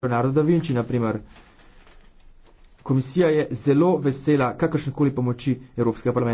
Leonardo da Vinci, naprimer. Komisija je zelo vesela kakršnekoli pomoči Evropskega parlamenta.